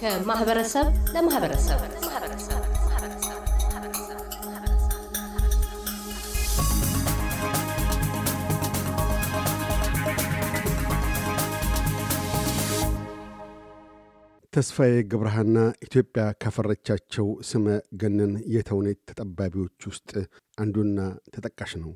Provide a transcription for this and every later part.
ከማህበረሰብ ለማህበረሰብ ተስፋዬ ገብረሃና ኢትዮጵያ ካፈረቻቸው ስመ ገነን የተውኔት ተጠባቢዎች ውስጥ አንዱና ተጠቃሽ ነው።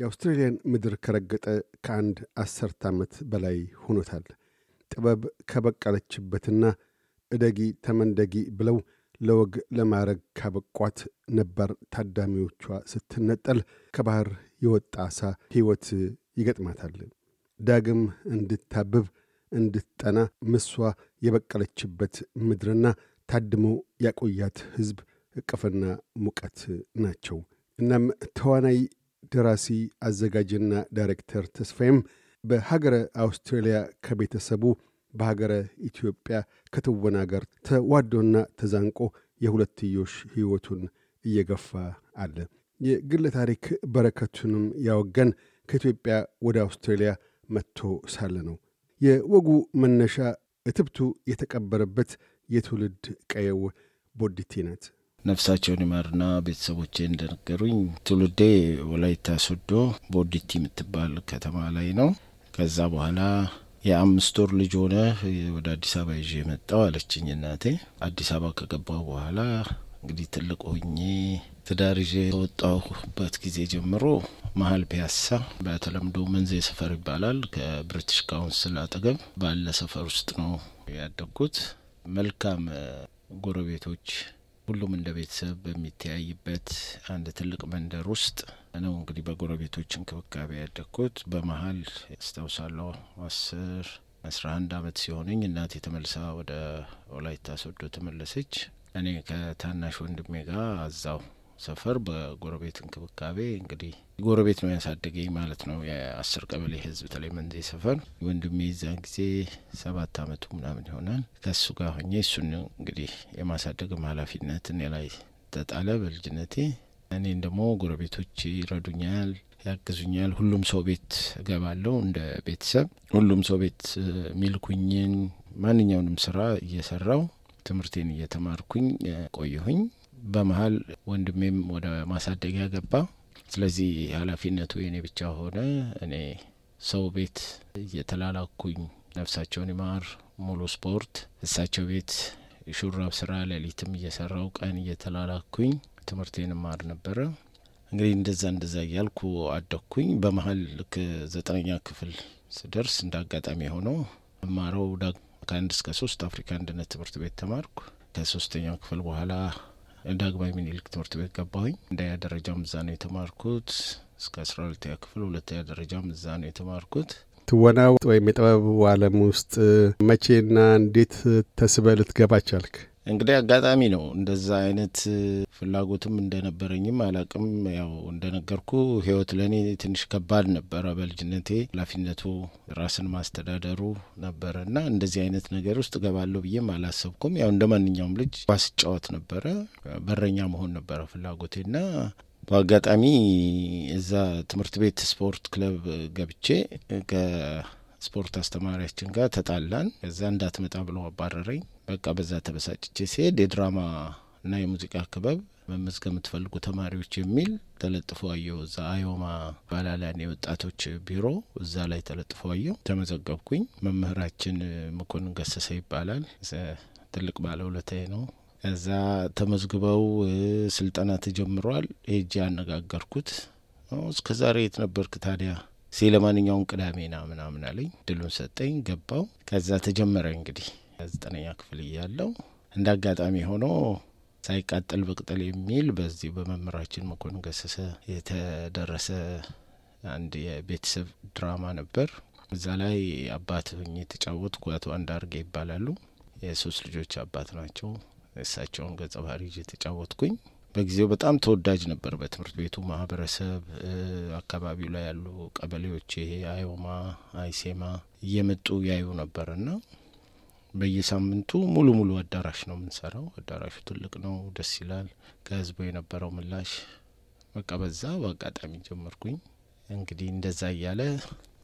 የአውስትሬልያን ምድር ከረገጠ ከአንድ አሠርተ ዓመት በላይ ሆኖታል። ጥበብ ከበቀለችበትና እደጊ ተመንደጊ ብለው ለወግ ለማዕረግ ካበቋት ነባር ታዳሚዎቿ ስትነጠል ከባህር የወጣ አሳ ሕይወት ይገጥማታል። ዳግም እንድታብብ እንድትጠና ምሷ የበቀለችበት ምድርና ታድሞ ያቆያት ሕዝብ እቅፍና ሙቀት ናቸው። እናም ተዋናይ፣ ደራሲ፣ አዘጋጅና ዳይሬክተር ተስፋዬም በሀገረ አውስትራሊያ ከቤተሰቡ በሀገረ ኢትዮጵያ ከትወና ጋር ተዋዶና ተዛንቆ የሁለትዮሽ ሕይወቱን እየገፋ አለ። የግለ ታሪክ በረከቱንም ያወገን ከኢትዮጵያ ወደ አውስትራሊያ መጥቶ ሳለ ነው። የወጉ መነሻ እትብቱ የተቀበረበት የትውልድ ቀየው ቦዲቲ ናት። ነፍሳቸውን ይማርና ቤተሰቦቼ እንደነገሩኝ ትውልዴ ወላይታ ሶዶ ቦዲቲ የምትባል ከተማ ላይ ነው። ከዛ በኋላ የአምስት ወር ልጅ ሆነ ወደ አዲስ አበባ ይዤ መጣው አለችኝ እናቴ። አዲስ አበባ ከገባው በኋላ እንግዲህ ትልቅ ሆኜ ትዳር ይዤ ከወጣሁበት ጊዜ ጀምሮ መሀል ፒያሳ በተለምዶ መንዜ ሰፈር ይባላል። ከብሪቲሽ ካውንስል አጠገብ ባለ ሰፈር ውስጥ ነው ያደግኩት። መልካም ጎረቤቶች፣ ሁሉም እንደ ቤተሰብ በሚተያይበት አንድ ትልቅ መንደር ውስጥ ነው እንግዲህ በጎረቤቶች እንክብካቤ ያደግኩት። በመሀል ያስታውሳለሁ አስር አስራ አንድ አመት ሲሆነኝ እናቴ ተመልሳ ወደ ወላይታ ሶዶ ተመለሰች። እኔ ከታናሽ ወንድሜ ጋር አዛው ሰፈር በጎረቤት እንክብካቤ እንግዲህ ጎረቤት ነው ያሳደገኝ ማለት ነው። የአስር ቀበሌ ህዝብ በተለይ መንዜ ሰፈር ወንድሜ የዛን ጊዜ ሰባት አመቱ ምናምን ይሆናል። ከሱ ጋር ሆኜ እሱን እንግዲህ የማሳደግም ኃላፊነት እኔ ላይ ተጣለ በልጅነቴ። እኔን ደግሞ ጎረቤቶች ይረዱኛል፣ ያግዙኛል። ሁሉም ሰው ቤት እገባለሁ እንደ ቤተሰብ ሁሉም ሰው ቤት ሚልኩኝን ማንኛውንም ስራ እየሰራው ትምህርቴን እየተማርኩኝ ቆየሁኝ። በመሀል ወንድሜም ወደ ማሳደጊያ ገባ። ስለዚህ ኃላፊነቱ የኔ ብቻ ሆነ። እኔ ሰው ቤት እየተላላኩኝ ነፍሳቸውን ይማር ሙሉ ስፖርት እሳቸው ቤት ሹራብ ስራ ሌሊትም እየሰራው ቀን እየተላላኩኝ ትምህርቴን ማር ነበረ። እንግዲህ እንደዛ እንደዛ እያልኩ አደግኩኝ። በመሀል ልክ ዘጠነኛ ክፍል ስደርስ እንደ አጋጣሚ የሆነው ማረው ከአንድ እስከ ሶስት አፍሪካ አንድነት ትምህርት ቤት ተማርኩ። ከሶስተኛው ክፍል በኋላ ዳግማዊ ምኒልክ ትምህርት ቤት ገባሁኝ። አንደኛ ደረጃም እዛ ነው የተማርኩት እስከ አስራ ሁለተኛ ክፍል። ሁለተኛ ደረጃም እዛ ነው የተማርኩት። ትወና ወይም የጥበቡ ዓለም ውስጥ መቼና እንዴት ተስበህ ልትገባ ቻልክ? እንግዲህ አጋጣሚ ነው። እንደዛ አይነት ፍላጎትም እንደነበረኝም አላቅም። ያው እንደነገርኩ ህይወት ለእኔ ትንሽ ከባድ ነበረ በልጅነቴ። ኃላፊነቱ ራስን ማስተዳደሩ ነበረ እና እንደዚህ አይነት ነገር ውስጥ እገባለሁ ብዬም አላሰብኩም። ያው እንደ ማንኛውም ልጅ ኳስ ጫወት ነበረ፣ በረኛ መሆን ነበረ ፍላጎቴና በአጋጣሚ እዛ ትምህርት ቤት ስፖርት ክለብ ገብቼ ስፖርት አስተማሪያችን ጋር ተጣላን። ከዛ እንዳትመጣ ብሎ አባረረኝ። በቃ በዛ ተበሳጭቼ ሲሄድ የድራማ እና የሙዚቃ ክበብ መመዝገብ የምትፈልጉ ተማሪዎች የሚል ተለጥፎ አየው። እዛ አዮማ ባላላን የወጣቶች ቢሮ እዛ ላይ ተለጥፎ አየው። ተመዘገብኩኝ። መምህራችን መኮንን ገሰሰ ይባላል። ትልቅ ባለውለታዬ ነው። እዛ ተመዝግበው ስልጠና ተጀምሯል። ሄጄ አነጋገርኩት። እስከ ዛሬ የት ነበርክ ታዲያ ሲ ለማንኛውም ቅዳሜ ና ምናምን አለኝ። ድሉን ሰጠኝ፣ ገባው። ከዛ ተጀመረ እንግዲህ ዘጠነኛ ክፍል እያለው እንደ አጋጣሚ ሆኖ ሳይቃጠል በቅጠል የሚል በዚህ በመምህራችን መኮንን ገሰሰ የተደረሰ አንድ የቤተሰብ ድራማ ነበር። እዛ ላይ አባት ሆኜ የተጫወትኩ አቶ አንዳርጌ ይባላሉ። የሶስት ልጆች አባት ናቸው። እሳቸውን ገጸ ባህሪ ይዤ የተጫወትኩኝ በጊዜው በጣም ተወዳጅ ነበር በትምህርት ቤቱ ማህበረሰብ። አካባቢው ላይ ያሉ ቀበሌዎች ይሄ አዮማ፣ አይሴማ እየመጡ ያዩ ና በየሳምንቱ ሙሉ ሙሉ አዳራሽ ነው የምንሰራው። አዳራሹ ትልቅ ነው፣ ደስ ይላል። ከህዝቡ የነበረው ምላሽ በቃ በዛ በአጋጣሚ ጀመርኩኝ። እንግዲህ እንደዛ እያለ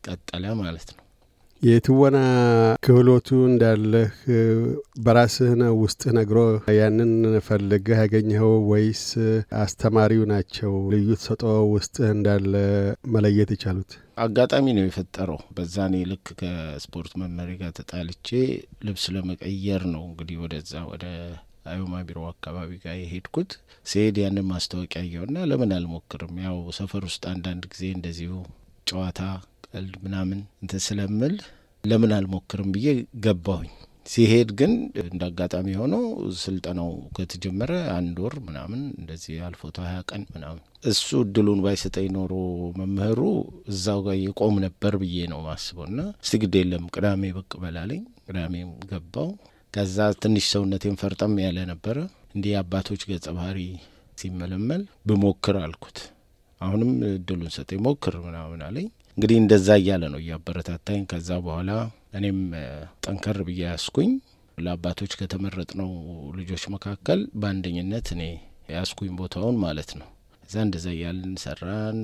ቀጠለ ማለት ነው። የትወና ክህሎቱ እንዳለህ በራስህ ነው ነግሮ ያንን ፈልገህ ያገኘኸው ወይስ አስተማሪው ናቸው ልዩ ተሰጦ ውስጥህ እንዳለ መለየት የቻሉት? አጋጣሚ ነው የፈጠረው። በዛኔ ልክ ከስፖርት መመሪ ጋር ተጣልቼ ልብስ ለመቀየር ነው እንግዲህ ወደዛ ወደ አዩማ ቢሮ አካባቢ ጋር የሄድኩት። ስሄድ ያንን ማስታወቂያ አየውና ለምን አልሞክርም? ያው ሰፈር ውስጥ አንዳንድ ጊዜ እንደዚሁ ጨዋታ ቀልድ ምናምን እንትን ስለምል ለምን አልሞክርም ብዬ ገባሁኝ። ሲሄድ ግን እንደ አጋጣሚ ሆኖ ስልጠናው ከተጀመረ አንድ ወር ምናምን እንደዚህ አልፎቶ ሀያ ቀን ምናምን እሱ እድሉን ባይሰጠኝ ኖሮ መምህሩ እዛው ጋር የቆም ነበር ብዬ ነው ማስበው። ና እስቲ ግድ የለም ቅዳሜ ብቅ በላለኝ። ቅዳሜም ገባው። ከዛ ትንሽ ሰውነቴን ፈርጠም ያለ ነበረ። እንዲህ የአባቶች ገጸ ባህሪ ሲመለመል ብሞክር አልኩት። አሁንም እድሉን ሰጠኝ ሞክር ምናምን አለኝ። እንግዲህ እንደዛ እያለ ነው እያበረታታኝ። ከዛ በኋላ እኔም ጠንከር ብዬ ያስኩኝ ለአባቶች ከተመረጥ ነው ልጆች መካከል በአንደኝነት እኔ ያስኩኝ ቦታውን ማለት ነው። እዛ እንደዛ እያልን ሰራን።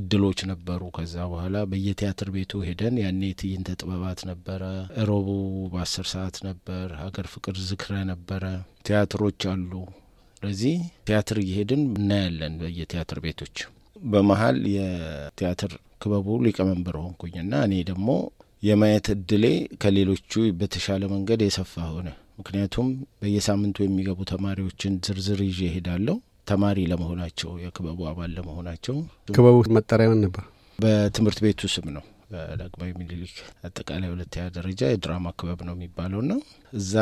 እድሎች ነበሩ። ከዛ በኋላ በየቲያትር ቤቱ ሄደን ያኔ ትዕይንተ ጥበባት ነበረ። እሮቡ በአስር ሰዓት ነበር። ሀገር ፍቅር ዝክረ ነበረ። ቲያትሮች አሉ። ስለዚህ ቲያትር እየሄድን እናያለን በየቲያትር ቤቶች በመሀል የቲያትር ክበቡ ሊቀመንበር ሆንኩኝና እኔ ደግሞ የማየት እድሌ ከሌሎቹ በተሻለ መንገድ የሰፋ ሆነ። ምክንያቱም በየሳምንቱ የሚገቡ ተማሪዎችን ዝርዝር ይዤ እሄዳለሁ። ተማሪ ለመሆናቸው የክበቡ አባል ለመሆናቸው ክበቡ መጠሪያ ምን ነበር? በትምህርት ቤቱ ስም ነው። በዳግማዊ ምኒልክ አጠቃላይ ሁለተኛ ደረጃ የድራማ ክበብ ነው የሚባለው ና እዛ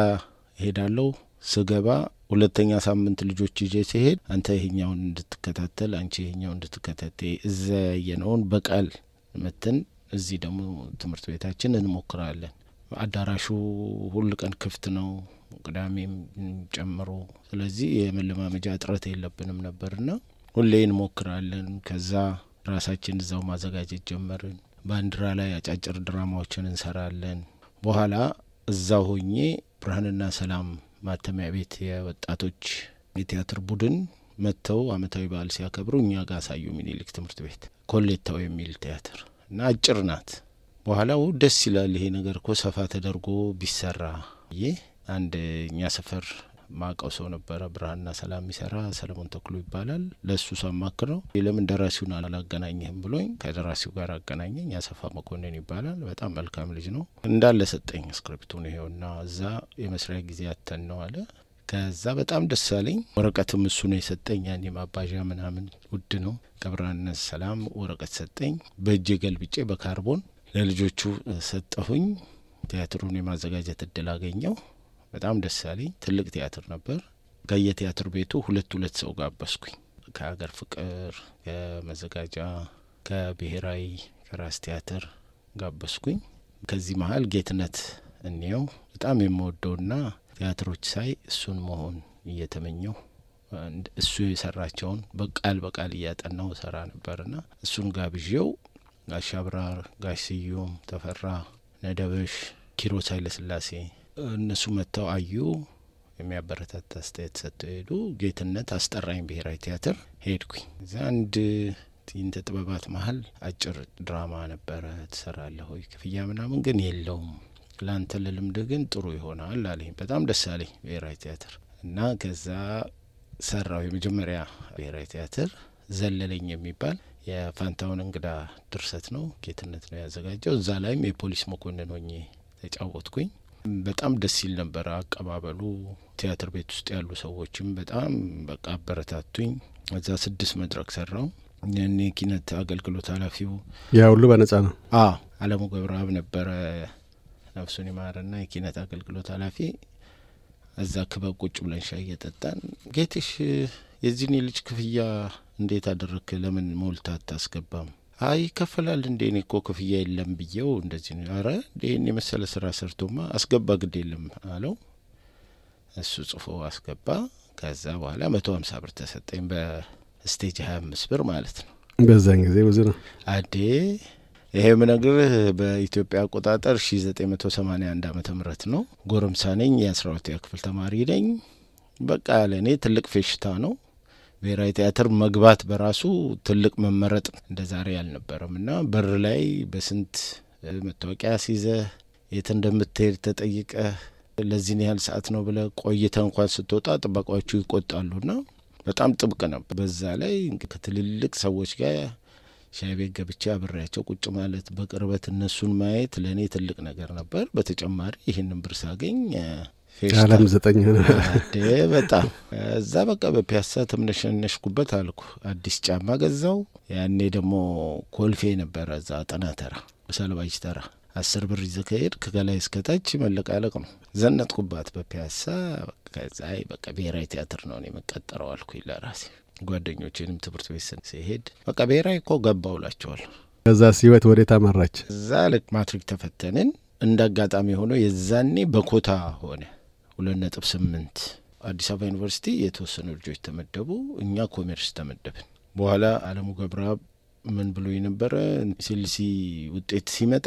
እሄዳለሁ ስገባ ሁለተኛ ሳምንት ልጆች ይዤ ሲሄድ አንተ ይሄኛውን እንድትከታተል አንቺ ይሄኛው እንድትከታተይ እዛ ያየነውን በቃል ምትን እዚህ ደግሞ ትምህርት ቤታችን እንሞክራለን። አዳራሹ ሁል ቀን ክፍት ነው፣ ቅዳሜም ጨምሮ። ስለዚህ የመለማመጃ እጥረት የለብንም ነበርና ሁሌ እንሞክራለን። ከዛ ራሳችን እዛው ማዘጋጀት ጀመርን። ባንዲራ ላይ አጫጭር ድራማዎችን እንሰራለን። በኋላ እዛ ሆኜ ብርሃንና ሰላም ማተሚያ ቤት የወጣቶች የቲያትር ቡድን መጥተው አመታዊ በዓል ሲያከብሩ እኛ ጋር አሳዩ። ሚኒሊክ ትምህርት ቤት ኮሌታው የሚል ቲያትር እና አጭር ናት። በኋላው ደስ ይላል ይሄ ነገር እኮ ሰፋ ተደርጎ ቢሰራ ይህ አንድ እኛ ሰፈር ማቀው ሰው ነበረ። ብርሃንና ሰላም የሚሰራ ሰለሞን ተክሎ ይባላል። ለእሱ ሳማክ ነው ለምን ደራሲውን አላገናኘህም ብሎኝ ከደራሲው ጋር አገናኘኝ። ያሰፋ መኮንን ይባላል። በጣም መልካም ልጅ ነው። እንዳለ ሰጠኝ ስክሪፕቱን ይሄውና፣ እዛ የመስሪያ ጊዜ ያተን ነው አለ። ከዛ በጣም ደስ አለኝ። ወረቀትም እሱ ነው የሰጠኝ። ያን የማባዣ ምናምን ውድ ነው። ከብርሃንነት ሰላም ወረቀት ሰጠኝ። በእጄ ገልብጬ በካርቦን ለልጆቹ ሰጠሁኝ። ቲያትሩን የማዘጋጀት እድል አገኘው። በጣም ደስ ያለኝ ትልቅ ቲያትር ነበር። ከየቲያትር ቤቱ ሁለት ሁለት ሰው ጋበዝኩኝ። ከሀገር ፍቅር፣ ከመዘጋጃ፣ ከብሔራዊ፣ ከራስ ቲያትር ጋበዝኩኝ። ከዚህ መሀል ጌትነት እንየው በጣም የምወደውና ቲያትሮች ሳይ እሱን መሆን እየተመኘው እሱ የሰራቸውን በቃል በቃል እያጠናው ሰራ ነበርና እሱን ጋብዤው ጋሽ አብራር፣ ጋሽ ስዩም ተፈራ፣ ነደበሽ፣ ኪሮስ ኃይለስላሴ እነሱ መጥተው አዩ። የሚያበረታታ አስተያየት ሰጥተው ሄዱ። ጌትነት አስጠራኝ ብሔራዊ ቲያትር ሄድኩኝ። እዚ አንድ ትዕይንተ ጥበባት መሀል አጭር ድራማ ነበረ። ትሰራለህ ወይ ክፍያ ምናምን ግን የለውም ለአንተ ለልምድ ግን ጥሩ ይሆናል አለኝ። በጣም ደስ አለኝ ብሔራዊ ቲያትር እና ከዛ ሰራው። የመጀመሪያ ብሔራዊ ቲያትር ዘለለኝ የሚባል የፋንታውን እንግዳ ድርሰት ነው። ጌትነት ነው ያዘጋጀው። እዛ ላይም የፖሊስ መኮንን ሆኜ ተጫወትኩኝ። በጣም ደስ ይል ነበረ አቀባበሉ። ቲያትር ቤት ውስጥ ያሉ ሰዎችም በጣም በቃ አበረታቱኝ። እዛ ስድስት መድረክ ሰራው። ያኔ ኪነት አገልግሎት ኃላፊው ያ ሁሉ በነጻ ነው። አዎ አለሙ ገብረአብ ነበረ ነፍሱን ይማርና የኪነት አገልግሎት ኃላፊ እዛ ክበብ ቁጭ ብለን ሻይ እየጠጣን ጌትሽ የዚህን የልጅ ክፍያ እንዴት አደረክ? ለምን ሞልታ አታስገባም? አይ ይከፈላል እንዴ? እኔ እኮ ክፍያ የለም ብዬው እንደዚህ ነው። አረ ይህን የመሰለ ስራ ሰርቶማ አስገባ ግድ የለም አለው። እሱ ጽፎ አስገባ። ከዛ በኋላ መቶ ሀምሳ ብር ተሰጠኝ በስቴጅ ሀያ አምስት ብር ማለት ነው። በዛን ጊዜ ብዙ ነው አዴ ይሄ ምነግርህ በኢትዮጵያ አቆጣጠር ሺ ዘጠኝ መቶ ሰማኒያ አንድ አመተ ምህረት ነው። ጎረምሳ ነኝ። የአስራ ሁለተኛ ክፍል ተማሪ ነኝ። በቃ ለእኔ ትልቅ ፌሽታ ነው። ብሔራዊ ቲያትር መግባት በራሱ ትልቅ መመረጥ እንደ ዛሬ አልነበረም እና በር ላይ በስንት መታወቂያ ሲይዘህ የት እንደምትሄድ ተጠይቀህ ለዚህን ያህል ሰዓት ነው ብለህ ቆይተህ እንኳን ስትወጣ ጥበቃዎቹ ይቆጣሉና በጣም ጥብቅ ነበር። በዛ ላይ ከትልልቅ ሰዎች ጋር ሻይ ቤት ገብቼ አብሬያቸው ቁጭ ማለት በቅርበት እነሱን ማየት ለእኔ ትልቅ ነገር ነበር። በተጨማሪ ይህንን ብር ሳገኝ ለም ዘጠኝ በጣም እዛ በቃ በፒያሳ ተምነሸነሽኩበት አልኩ። አዲስ ጫማ ገዛው። ያኔ ደግሞ ኮልፌ ነበረ እዛ ጥና ተራ፣ ሰልባጅ ተራ አስር ብር ይዘህ ከገላይ ከላይ እስከታች መለቃለቅ ነው። ዘነጥኩባት በፒያሳ ከዛ በቃ ብሔራዊ ቲያትር ነው የምቀጠረው አልኩኝ ለራሴ። ጓደኞቼንም ትምህርት ቤት ሲሄድ በቃ ብሔራዊ እኮ ገባው ላቸዋል። ከዛ ሲወት ወዴት አመራች? እዛ ልክ ማትሪክ ተፈተንን። እንደ አጋጣሚ ሆኖ የዛኔ በኮታ ሆነ ሁለት ነጥብ ስምንት አዲስ አበባ ዩኒቨርሲቲ የተወሰኑ ልጆች ተመደቡ። እኛ ኮሜርስ ተመደብን። በኋላ አለሙ ገብረአብ ምን ብሎ ነበረ? ሲልሲ ውጤት ሲመጣ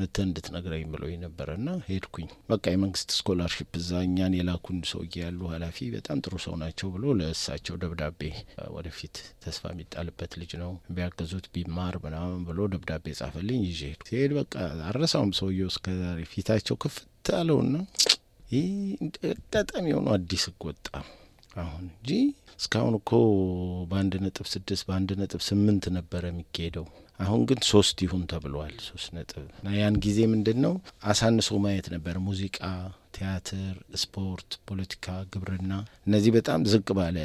መተህ እንድትነግረኝ ብሎ ነበረ ና ሄድኩኝ። በቃ የመንግስት ስኮላርሽፕ እዛ እኛን የላኩን ሰውዬ ያሉ ኃላፊ በጣም ጥሩ ሰው ናቸው ብሎ ለእሳቸው ደብዳቤ ወደፊት ተስፋ የሚጣልበት ልጅ ነው ቢያገዙት ቢማር ምናምን ብሎ ደብዳቤ ጻፈልኝ። ይዤ ሄድኩ። ሲሄድ በቃ አረሳውም ሰውየው እስከዛሬ ፊታቸው ክፍት አለውና ይህ አጋጣሚ የሆኑ አዲስ ወጣ አሁን እንጂ እስካሁን እኮ በአንድ ነጥብ ስድስት በአንድ ነጥብ ስምንት ነበረ የሚካሄደው። አሁን ግን ሶስት ይሁን ተብሏል። ሶስት ነጥብ እና ያን ጊዜ ምንድን ነው አሳንሶ ማየት ነበር። ሙዚቃ፣ ቲያትር፣ ስፖርት፣ ፖለቲካ፣ ግብርና እነዚህ በጣም ዝቅ ባለ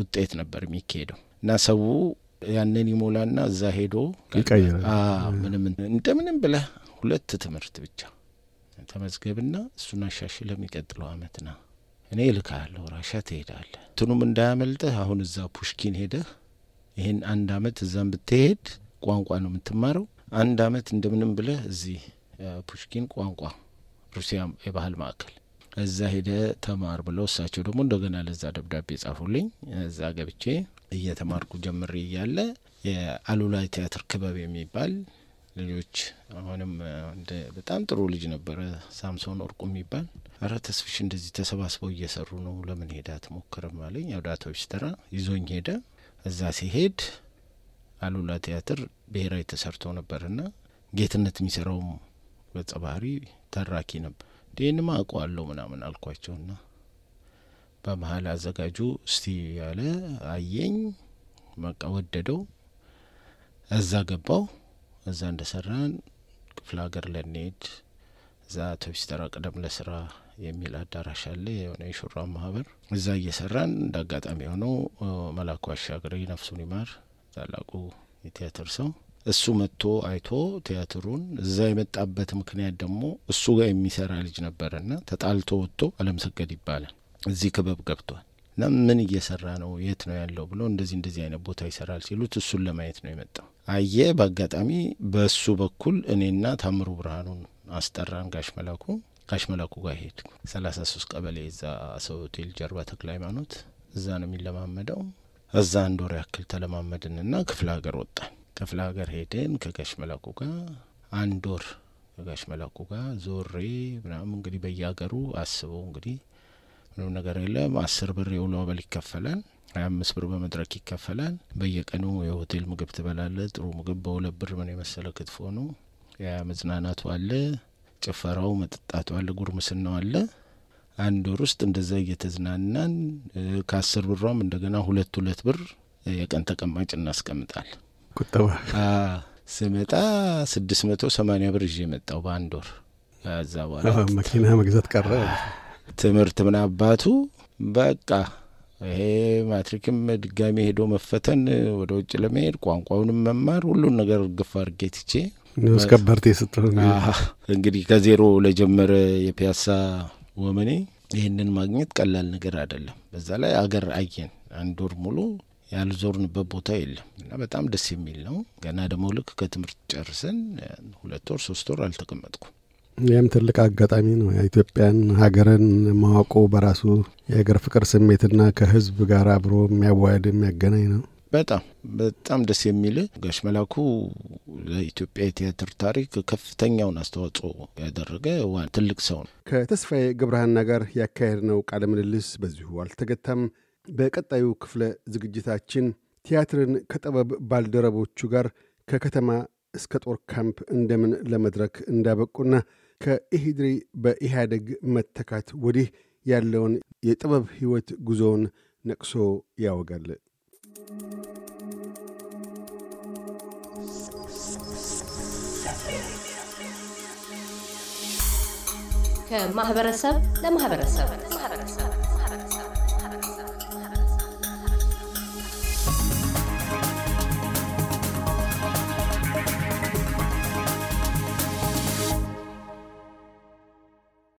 ውጤት ነበር የሚካሄደው እና ሰው ያንን ይሞላና እዛ ሄዶ ምንም እንደምንም ብለህ ሁለት ትምህርት ብቻ ተመዝገብና እሱን አሻሽል ለሚቀጥለው አመት ና እኔ እልካለሁ። ራሻ ትሄዳለህ። እንትኑም እንዳያመልጥህ። አሁን እዛ ፑሽኪን ሄደህ ይህን አንድ አመት እዛም ብትሄድ ቋንቋ ነው የምትማረው። አንድ አመት እንደምንም ብለህ እዚህ ፑሽኪን ቋንቋ ሩሲያ የባህል ማዕከል እዛ ሄደ ተማር ብለው እሳቸው ደግሞ እንደገና ለዛ ደብዳቤ ጻፉልኝ። እዛ ገብቼ እየተማርኩ ጀምሬ እያለ የአሉላይ ቲያትር ክበብ የሚባል ልጆች አሁንም በጣም ጥሩ ልጅ ነበረ ሳምሶን ወርቁ የሚባል አረ ተስፍሽ እንደዚህ ተሰባስበው እየሰሩ ነው ለምን ሄዳ ትሞክርም አለኝ። ወደ አቶ ይዞኝ ሄደ። እዛ ሲሄድ አሉላ ቲያትር ብሔራዊ ተሰርቶ ና ጌትነት የሚሰራውም ገጸ ባህሪ ተራኪ ነበር። አቁ አለው ምናምን አልኳቸውና በመሀል አዘጋጁ እስቲ ያለ አየኝ፣ በቃ ወደደው፣ እዛ ገባው። እዛ እንደሰራን ክፍለ ሀገር ለንሄድ እዛ አውቶቢስ ተራ ቅደም ለስራ የሚል አዳራሽ አለ፣ የሆነ የሹራ ማህበር። እዛ እየሰራን እንደ አጋጣሚ የሆነው መላኩ አሻግሬ ነፍሱን ይማር ታላቁ የቲያትር ሰው እሱ መጥቶ አይቶ ቲያትሩን እዛ የመጣበት ምክንያት ደግሞ እሱ ጋር የሚሰራ ልጅ ነበረና ተጣልቶ ወጥቶ አለም ሰገድ ይባላል እዚህ ክበብ ገብቷል እና ምን እየሰራ ነው የት ነው ያለው ብሎ እንደዚህ እንደዚህ አይነት ቦታ ይሰራል ሲሉት እሱን ለማየት ነው የመጣው። አየ በአጋጣሚ በሱ በኩል እኔና ታምሩ ብርሃኑን አስጠራን። ጋሽ መላኩ ጋሽ መላኩ ጋር ሄድ ሰላሳ ሶስት ቀበሌ እዛ ሰው ሆቴል ጀርባ ተክለ ሃይማኖት እዛ ነው የሚለማመደው። እዛ አንድ ወር ያክል ተለማመድን ና ክፍለ ሀገር ወጣን። ክፍለ ሀገር ሄደን ከጋሽ መላኩ ጋር አንድ ወር ከጋሽ መላኩ ጋር ዞሬ ምናም እንግዲህ በየሀገሩ አስበው እንግዲህ ምንም ነገር የለም። አስር ብር የውሎ አበል ይከፈላል። ሀያ አምስት ብር በመድረክ ይከፈላል። በየቀኑ የሆቴል ምግብ ትበላለ። ጥሩ ምግብ በሁለት ብር ምን የመሰለ ክትፎ ነው። ያ መዝናናቱ አለ፣ ጭፈራው፣ መጠጣቱ አለ፣ ጉርምስናው አለ። አንድ ወር ውስጥ እንደዛ እየተዝናናን ከአስር ብሯም እንደገና ሁለት ሁለት ብር የቀን ተቀማጭ እናስቀምጣል። ቁጠባ ስመጣ ስድስት መቶ ሰማኒያ ብር ይዤ መጣው በአንድ ወር። ከዛ በኋላ መኪና መግዛት ቀረ። ትምህርት ምን አባቱ በቃ ይሄ ማትሪክም ድጋሚ ሄዶ መፈተን፣ ወደ ውጭ ለመሄድ ቋንቋውንም መማር፣ ሁሉን ነገር ግፋ አድርጌ ትቼ እስከበርቴ ስትሆን እንግዲህ ከዜሮ ለጀመረ የፒያሳ ወመኔ ይህንን ማግኘት ቀላል ነገር አይደለም። በዛ ላይ አገር አየን። አንድ ወር ሙሉ ያልዞርንበት ቦታ የለም እና በጣም ደስ የሚል ነው። ገና ደግሞ ልክ ከትምህርት ጨርሰን ሁለት ወር ሶስት ወር አልተቀመጥኩም። ይህም ትልቅ አጋጣሚ ነው። ኢትዮጵያን ሀገርን ማወቁ በራሱ የሀገር ፍቅር ስሜትና ከህዝብ ጋር አብሮ የሚያዋህድ የሚያገናኝ ነው። በጣም በጣም ደስ የሚል ጋሽ መላኩ ለኢትዮጵያ የቲያትር ታሪክ ከፍተኛውን አስተዋጽኦ ያደረገ ዋን ትልቅ ሰው ነው። ከተስፋዬ ግብርሃና ጋር ያካሄድነው ቃለ ምልልስ በዚሁ አልተገታም። በቀጣዩ ክፍለ ዝግጅታችን ቲያትርን ከጥበብ ባልደረቦቹ ጋር ከከተማ እስከ ጦር ካምፕ እንደምን ለመድረክ እንዳበቁና ከኢህድሪ በኢህአደግ መተካት ወዲህ ያለውን የጥበብ ሕይወት ጉዞውን ነቅሶ ያወጋል። ከማህበረሰብ ለማህበረሰብ